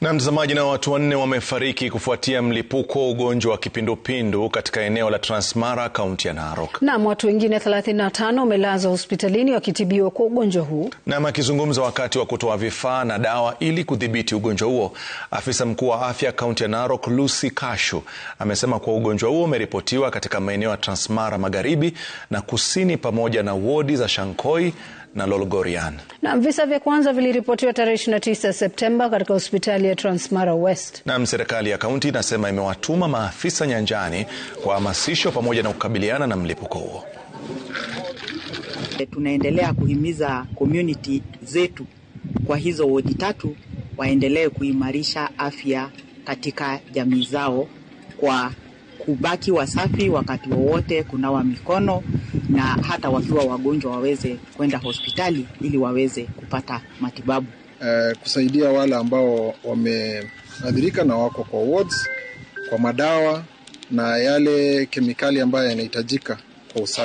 Na mtazamaji, na watu wanne wamefariki kufuatia mlipuko wa ugonjwa wa kipindupindu katika eneo la Transmara, kaunti ya Narok. Naam, watu wengine 35 wamelazwa hospitalini wakitibiwa kwa ugonjwa huu. Naam, akizungumza wakati wa kutoa vifaa na dawa ili kudhibiti ugonjwa huo, afisa mkuu wa afya kaunti ya Narok, Lucy Kashu, amesema kuwa ugonjwa huo umeripotiwa katika maeneo ya Transmara magharibi na kusini pamoja na wodi za Shankoi na Lolgorian. Na visa vya kwanza viliripotiwa tarehe 29 Septemba katika hospitali ya Transmara West. Na serikali ya kaunti inasema imewatuma maafisa nyanjani kwa hamasisho pamoja na kukabiliana na mlipuko huo. Tunaendelea kuhimiza community zetu kwa hizo wodi tatu waendelee kuimarisha afya katika jamii zao kwa kubaki wasafi wakati wowote, kunawa mikono na hata wakiwa wagonjwa waweze kwenda hospitali ili waweze kupata matibabu. Uh, kusaidia wale ambao wameathirika na wako kwa wards, kwa madawa na yale kemikali ambayo yanahitajika kwa usafi.